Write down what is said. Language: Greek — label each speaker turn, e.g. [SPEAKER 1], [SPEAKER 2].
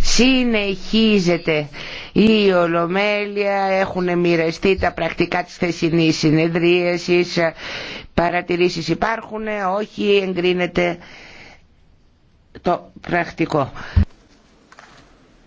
[SPEAKER 1] Συνεχίζεται η Ολομέλεια, έχουν μοιραστεί τα πρακτικά της θεσινής συνεδρίασης, παρατηρήσεις υπάρχουν, όχι εγκρίνεται το
[SPEAKER 2] πρακτικό.